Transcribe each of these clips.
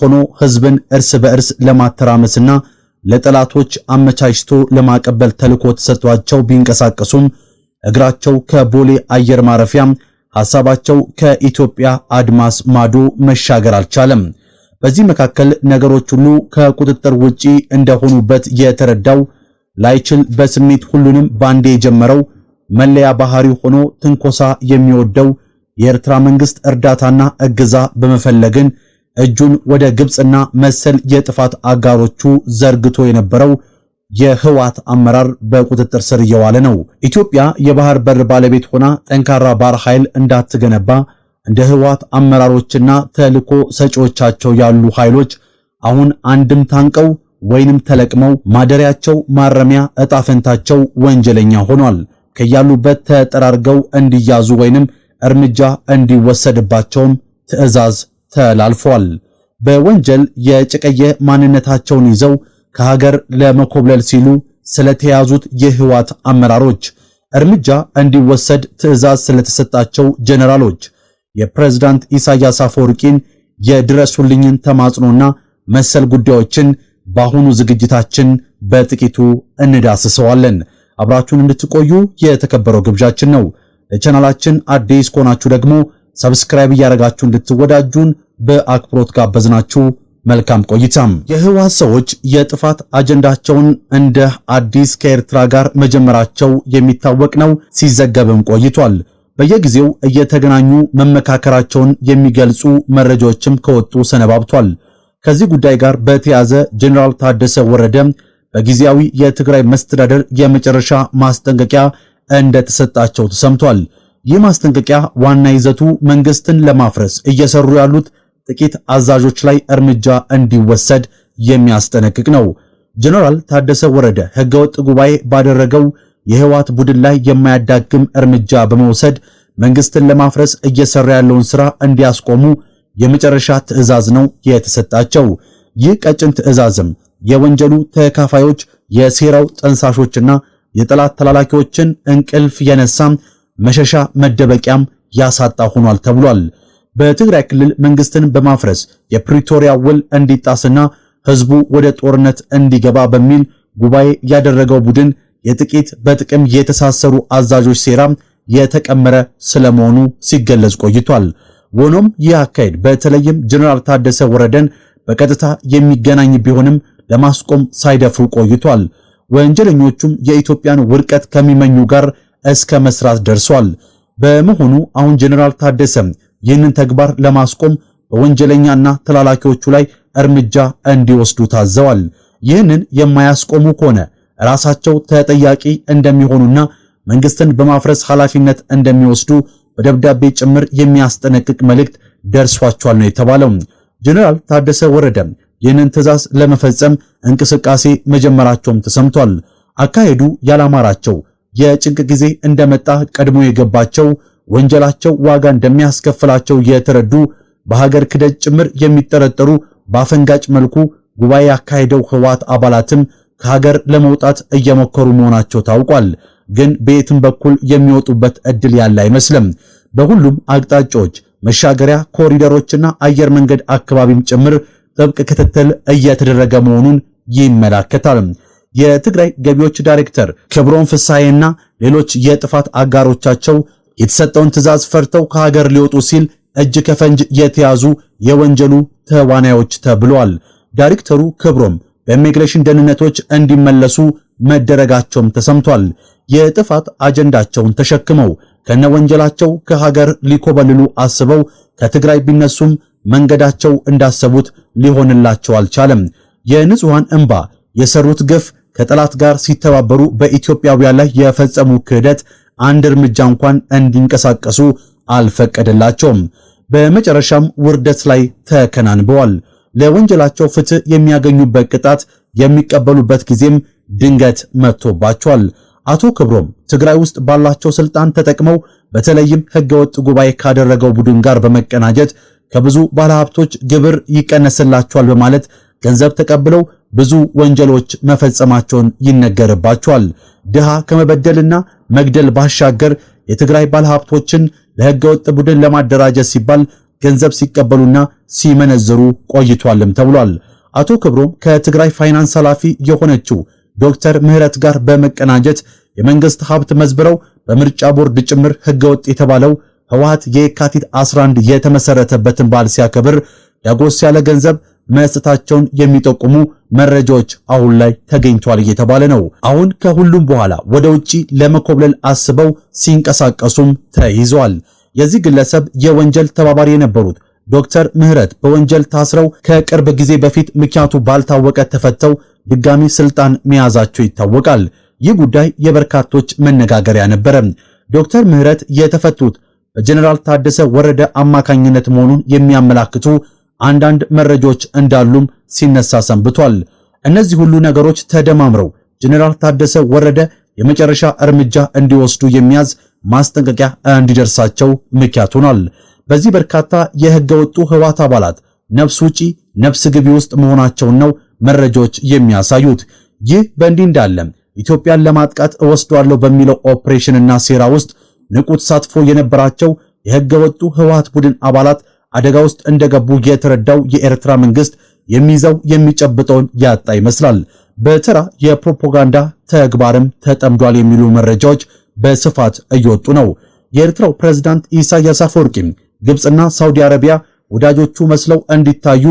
ሆኖ ህዝብን እርስ በእርስ ለማተራመስና ለጠላቶች አመቻችቶ ለማቀበል ተልኮ ተሰጥቷቸው ቢንቀሳቀሱም እግራቸው ከቦሌ አየር ማረፊያ ሐሳባቸው ከኢትዮጵያ አድማስ ማዶ መሻገር አልቻለም። በዚህ መካከል ነገሮች ሁሉ ከቁጥጥር ውጪ እንደሆኑበት የተረዳው ላይችል በስሜት ሁሉንም ባንዴ የጀመረው መለያ ባህሪ ሆኖ ትንኮሳ የሚወደው የኤርትራ መንግስት እርዳታና እገዛ በመፈለግን እጁን ወደ ግብፅና መሰል የጥፋት አጋሮቹ ዘርግቶ የነበረው የህዋት አመራር በቁጥጥር ስር እየዋለ ነው። ኢትዮጵያ የባህር በር ባለቤት ሆና ጠንካራ ባህር ኃይል እንዳትገነባ እንደ ህዋት አመራሮችና ተልዕኮ ሰጪዎቻቸው ያሉ ኃይሎች አሁን አንድም ታንቀው ወይንም ተለቅመው ማደሪያቸው ማረሚያ ዕጣ ወንጀለኛ ሆኗል። ከያሉበት ተጠራርገው እንዲያዙ ወይንም እርምጃ እንዲወሰድባቸውም ትዕዛዝ ተላልፏል። በወንጀል የጨቀየ ማንነታቸውን ይዘው ከሀገር ለመኮብለል ሲሉ ስለተያዙት የህዋት አመራሮች እርምጃ እንዲወሰድ ትዕዛዝ ስለተሰጣቸው ጀነራሎች የፕሬዝዳንት ኢሳያስ አፈወርቂን የድረሱልኝን ተማጽኖና መሰል ጉዳዮችን በአሁኑ ዝግጅታችን በጥቂቱ እንዳስሰዋለን። አብራችሁን እንድትቆዩ የተከበረው ግብዣችን ነው። ለቻናላችን አዲስ ከሆናችሁ ደግሞ ሰብስክራይብ እያደረጋችሁ እንድትወዳጁን በአክብሮት ጋበዝናችሁ። መልካም ቆይታም። የህወሓት ሰዎች የጥፋት አጀንዳቸውን እንደ አዲስ ከኤርትራ ጋር መጀመራቸው የሚታወቅ ነው፣ ሲዘገብም ቆይቷል። በየጊዜው እየተገናኙ መመካከራቸውን የሚገልጹ መረጃዎችም ከወጡ ሰነባብቷል። ከዚህ ጉዳይ ጋር በተያዘ ጀኔራል ታደሰ ወረደ በጊዜያዊ የትግራይ መስተዳደር የመጨረሻ ማስጠንቀቂያ እንደተሰጣቸው ተሰምቷል። ይህ ማስጠንቀቂያ ዋና ይዘቱ መንግስትን ለማፍረስ እየሰሩ ያሉት ጥቂት አዛዦች ላይ እርምጃ እንዲወሰድ የሚያስጠነቅቅ ነው። ጀነራል ታደሰ ወረደ ህገወጥ ጉባኤ ባደረገው የህወሓት ቡድን ላይ የማያዳግም እርምጃ በመውሰድ መንግስትን ለማፍረስ እየሰራ ያለውን ስራ እንዲያስቆሙ የመጨረሻ ትዕዛዝ ነው የተሰጣቸው። ይህ ቀጭን ትዕዛዝም የወንጀሉ ተካፋዮች፣ የሴራው ጠንሳሾችና የጠላት ተላላኪዎችን እንቅልፍ የነሳም መሸሻ መደበቂያም ያሳጣ ሆኗል ተብሏል። በትግራይ ክልል መንግስትን በማፍረስ የፕሪቶሪያ ውል እንዲጣስና ህዝቡ ወደ ጦርነት እንዲገባ በሚል ጉባኤ ያደረገው ቡድን የጥቂት በጥቅም የተሳሰሩ አዛዦች ሴራም የተቀመረ ስለመሆኑ ሲገለጽ ቆይቷል። ሆኖም ይህ አካሄድ በተለይም ጀነራል ታደሰ ወረደን በቀጥታ የሚገናኝ ቢሆንም ለማስቆም ሳይደፍሩ ቆይቷል። ወንጀለኞቹም የኢትዮጵያን ውድቀት ከሚመኙ ጋር እስከ መስራት ደርሷል። በመሆኑ አሁን ጀነራል ታደሰ ይህንን ተግባር ለማስቆም በወንጀለኛና ተላላኪዎቹ ላይ እርምጃ እንዲወስዱ ታዘዋል። ይህንን የማያስቆሙ ከሆነ ራሳቸው ተጠያቂ እንደሚሆኑና መንግስትን በማፍረስ ኃላፊነት እንደሚወስዱ በደብዳቤ ጭምር የሚያስጠነቅቅ መልእክት ደርሷቸዋል ነው የተባለው። ጀነራል ታደሰ ወረደ ይህንን ትዕዛዝ ለመፈጸም እንቅስቃሴ መጀመራቸውም ተሰምቷል። አካሄዱ ያላማራቸው የጭንቅ ጊዜ እንደመጣ ቀድሞ የገባቸው ወንጀላቸው ዋጋ እንደሚያስከፍላቸው የተረዱ በሀገር ክደት ጭምር የሚጠረጠሩ በአፈንጋጭ መልኩ ጉባኤ ያካሄደው ህወሓት አባላትም ከሀገር ለመውጣት እየሞከሩ መሆናቸው ታውቋል። ግን በየትም በኩል የሚወጡበት እድል ያለ አይመስልም። በሁሉም አቅጣጫዎች መሻገሪያ ኮሪደሮችና አየር መንገድ አካባቢም ጭምር ጥብቅ ክትትል እየተደረገ መሆኑን ይመለከታል። የትግራይ ገቢዎች ዳይሬክተር ክብሮም ፍሳዬና ሌሎች የጥፋት አጋሮቻቸው የተሰጠውን ትዕዛዝ ፈርተው ከሀገር ሊወጡ ሲል እጅ ከፈንጅ የተያዙ የወንጀሉ ተዋናዮች ተብሏል። ዳይሬክተሩ ክብሮም በኢሚግሬሽን ደህንነቶች እንዲመለሱ መደረጋቸውም ተሰምቷል። የጥፋት አጀንዳቸውን ተሸክመው ከነወንጀላቸው ከሀገር ሊኮበልሉ አስበው ከትግራይ ቢነሱም መንገዳቸው እንዳሰቡት ሊሆንላቸው አልቻለም። የንጹሃን እንባ የሰሩት ግፍ ከጠላት ጋር ሲተባበሩ በኢትዮጵያውያን ላይ የፈጸሙ ክህደት አንድ እርምጃ እንኳን እንዲንቀሳቀሱ አልፈቀደላቸውም። በመጨረሻም ውርደት ላይ ተከናንበዋል። ለወንጀላቸው ፍትህ የሚያገኙበት ቅጣት የሚቀበሉበት ጊዜም ድንገት መጥቶባቸዋል። አቶ ክብሮም ትግራይ ውስጥ ባላቸው ስልጣን ተጠቅመው በተለይም ህገወጥ ጉባኤ ካደረገው ቡድን ጋር በመቀናጀት ከብዙ ባለሀብቶች ግብር ይቀነስላቸዋል በማለት ገንዘብ ተቀብለው ብዙ ወንጀሎች መፈጸማቸውን ይነገርባቸዋል። ድሃ ከመበደልና መግደል ባሻገር የትግራይ ባለሀብቶችን ለህገወጥ ቡድን ለማደራጀት ሲባል ገንዘብ ሲቀበሉና ሲመነዝሩ ቆይቷልም ተብሏል። አቶ ክብሮም ከትግራይ ፋይናንስ ኃላፊ የሆነችው ዶክተር ምህረት ጋር በመቀናጀት የመንግስት ሀብት መዝብረው በምርጫ ቦርድ ጭምር ህገወጥ የተባለው ህወሓት የካቲት 11 የተመሰረተበትን በዓል ሲያከብር ዳጎስ ያለ ገንዘብ መስጠታቸውን የሚጠቁሙ መረጃዎች አሁን ላይ ተገኝቷል እየተባለ ነው። አሁን ከሁሉም በኋላ ወደ ውጪ ለመኮብለል አስበው ሲንቀሳቀሱም ተይዟል። የዚህ ግለሰብ የወንጀል ተባባሪ የነበሩት ዶክተር ምህረት በወንጀል ታስረው ከቅርብ ጊዜ በፊት ምክንያቱ ባልታወቀ ተፈተው ድጋሚ ስልጣን መያዛቸው ይታወቃል። ይህ ጉዳይ የበርካቶች መነጋገሪያ ነበረ። ዶክተር ምህረት የተፈቱት በጀነራል ታደሰ ወረደ አማካኝነት መሆኑን የሚያመላክቱ አንዳንድ መረጃዎች እንዳሉም ሲነሳ ሰንብቷል። እነዚህ ሁሉ ነገሮች ተደማምረው ጀኔራል ታደሰ ወረደ የመጨረሻ እርምጃ እንዲወስዱ የሚያዝ ማስጠንቀቂያ እንዲደርሳቸው ምክንያት ሆኗል። በዚህ በርካታ የህገ ወጡ ህወሓት አባላት ነፍስ ውጪ ነፍስ ግቢ ውስጥ መሆናቸውን ነው መረጃዎች የሚያሳዩት። ይህ በእንዲህ እንዳለም ኢትዮጵያን ለማጥቃት እወስዷለሁ በሚለው ኦፕሬሽንና ሴራ ውስጥ ንቁ ተሳትፎ የነበራቸው የህገ ወጡ ህወሓት ቡድን አባላት አደጋ ውስጥ እንደገቡ የተረዳው የኤርትራ መንግስት የሚይዘው የሚጨብጠውን ያጣ ይመስላል። በተራ የፕሮፓጋንዳ ተግባርም ተጠምዷል የሚሉ መረጃዎች በስፋት እየወጡ ነው። የኤርትራው ፕሬዝዳንት ኢሳያስ አፈወርቂ ግብፅና ሳውዲ አረቢያ ወዳጆቹ መስለው እንዲታዩ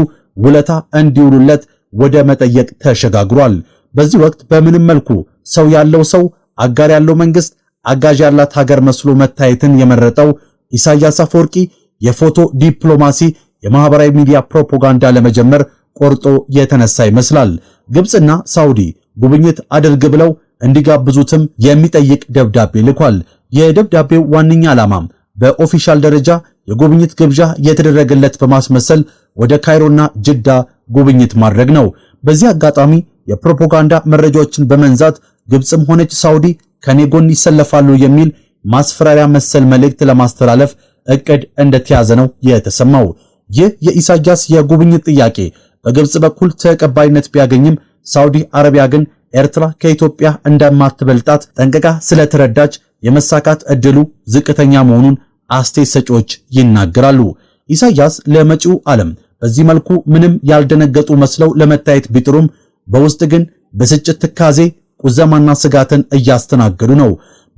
ውለታ እንዲውሉለት ወደ መጠየቅ ተሸጋግሯል። በዚህ ወቅት በምንም መልኩ ሰው ያለው ሰው አጋር ያለው መንግስት አጋዥ ያላት ሀገር መስሎ መታየትን የመረጠው ኢሳያስ አፈወርቂ የፎቶ ዲፕሎማሲ፣ የማህበራዊ ሚዲያ ፕሮፓጋንዳ ለመጀመር ቆርጦ የተነሳ ይመስላል። ግብፅና ሳውዲ ጉብኝት አድርግ ብለው እንዲጋብዙትም የሚጠይቅ ደብዳቤ ልኳል። የደብዳቤው ዋነኛ ዓላማም በኦፊሻል ደረጃ የጉብኝት ግብዣ የተደረገለት በማስመሰል ወደ ካይሮና ጅዳ ጉብኝት ማድረግ ነው። በዚህ አጋጣሚ የፕሮፓጋንዳ መረጃዎችን በመንዛት ግብፅም ሆነች ሳውዲ ከኔ ጎን ይሰለፋሉ የሚል ማስፈራሪያ መሰል መልእክት ለማስተላለፍ እቅድ እንደተያዘ ነው የተሰማው። ይህ የኢሳያስ የጉብኝት ጥያቄ በግብጽ በኩል ተቀባይነት ቢያገኝም ሳውዲ አረቢያ ግን ኤርትራ ከኢትዮጵያ እንደማትበልጣት ጠንቅቃ ስለተረዳች የመሳካት እድሉ ዝቅተኛ መሆኑን አስተያየት ሰጪዎች ይናገራሉ። ኢሳያስ ለመጪው ዓለም በዚህ መልኩ ምንም ያልደነገጡ መስለው ለመታየት ቢጥሩም በውስጥ ግን ብስጭት፣ ትካዜ፣ ቁዘማና ስጋትን እያስተናገዱ ነው።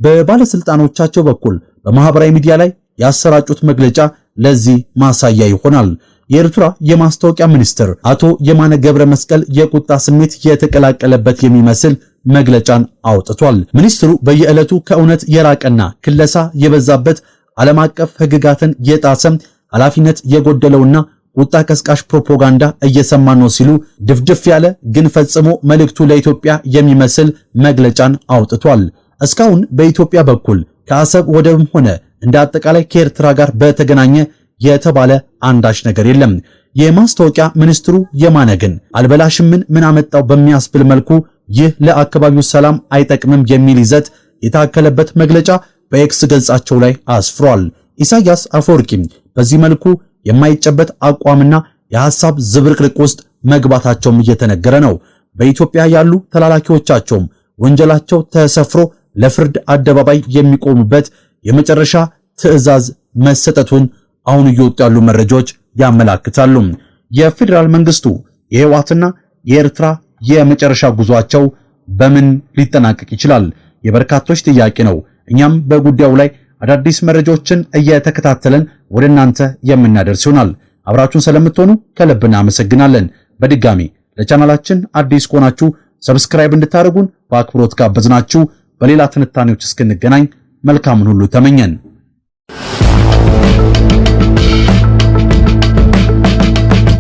በባለስልጣኖቻቸው በኩል በማህበራዊ ሚዲያ ላይ ያሰራጩት መግለጫ ለዚህ ማሳያ ይሆናል። የኤርትራ የማስታወቂያ ሚኒስትር አቶ የማነ ገብረ መስቀል የቁጣ ስሜት የተቀላቀለበት የሚመስል መግለጫን አውጥቷል። ሚኒስትሩ በየዕለቱ ከእውነት የራቀና ክለሳ የበዛበት ዓለም አቀፍ ሕግጋትን የጣሰም ኃላፊነት የጎደለውና ቁጣ ቀስቃሽ ፕሮፓጋንዳ እየሰማ ነው ሲሉ ድፍድፍ ያለ ግን ፈጽሞ መልእክቱ ለኢትዮጵያ የሚመስል መግለጫን አውጥቷል። እስካሁን በኢትዮጵያ በኩል ከአሰብ ወደብም ሆነ እንደ አጠቃላይ ከኤርትራ ጋር በተገናኘ የተባለ አንዳች ነገር የለም። የማስታወቂያ ሚኒስትሩ የማነ ግን አልበላሽምን ምን አመጣው በሚያስብል መልኩ ይህ ለአካባቢው ሰላም አይጠቅምም የሚል ይዘት የታከለበት መግለጫ በኤክስ ገጻቸው ላይ አስፍሯል። ኢሳያስ አፈወርቂም በዚህ መልኩ የማይጨበት አቋምና የሐሳብ ዝብርቅርቅ ውስጥ መግባታቸውም እየተነገረ ነው። በኢትዮጵያ ያሉ ተላላኪዎቻቸውም ወንጀላቸው ተሰፍሮ ለፍርድ አደባባይ የሚቆሙበት የመጨረሻ ትዕዛዝ መሰጠቱን አሁን እየወጡ ያሉ መረጃዎች ያመላክታሉ። የፌዴራል መንግስቱ የህወሓትና የኤርትራ የመጨረሻ ጉዟቸው በምን ሊጠናቀቅ ይችላል? የበርካቶች ጥያቄ ነው። እኛም በጉዳዩ ላይ አዳዲስ መረጃዎችን እየተከታተለን ወደ እናንተ የምናደርስ ይሆናል። አብራችሁን ስለምትሆኑ ከልብ እናመሰግናለን። በድጋሚ ለቻናላችን አዲስ ከሆናችሁ ሰብስክራይብ እንድታደርጉን በአክብሮት ጋበዝናችሁ። በሌላ ትንታኔዎች እስክንገናኝ መልካሙን ሁሉ ተመኘን።